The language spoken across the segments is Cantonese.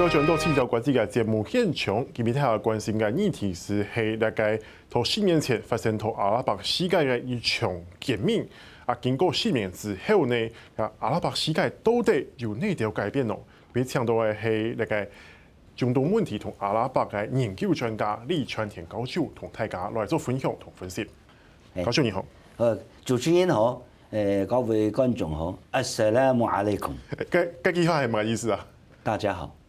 我哋今日都喺度關注嘅節目現場，今日頭嘅關心嘅議題是喺大概頭四年前發生同阿拉伯世界嘅一場革命，啊經過四年之後呢，啊阿拉伯世界都對有呢條改變咯，變強到嘅係大概中東問題同阿拉伯嘅研究專家利傳田教授同大家來做分享同分析。教授你好，誒主持人好，誒各位觀眾好，阿 Sir 咧冇壓力講，咁咁句話係乜意思啊？大家好。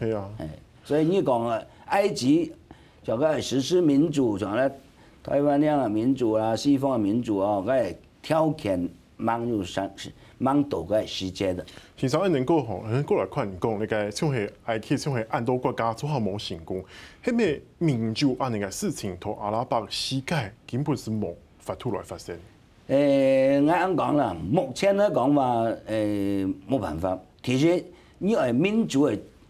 係對啊，所以你講啊，埃及就咁係實施民主，像咧台灣咁嘅民主啊，西方嘅民主啊，佢係挑戰民主上，係滿多嘅時間嘅。其實一年過後，過來看你講，講，你講，好似埃及，好似好多國家都係冇成功，係咪民主啊？呢個事情同阿拉伯世界根本是冇發出來發生。誒，我講啦，目前咧講話，誒冇辦法，其實呢個係民主嘅。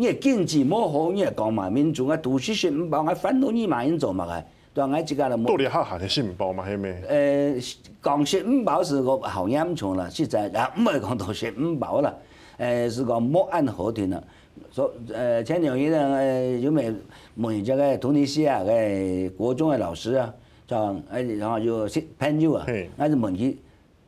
你係堅持不的信、欸、信好，你係降埋民族啊！讀書識五包啊，反老你萬樣做乜嘅？就我依家就冇。多啲下限係先不好嘛？係咩？誒，講識五包是、呃、個後生唔錯啦，實際啊唔係講讀書五包啦，誒是講冇安和平啦。所誒前兩日誒有咪問咗個突尼西亞啊嘅國中嘅老師啊，就誒然後就識潘友啊，我就問佢。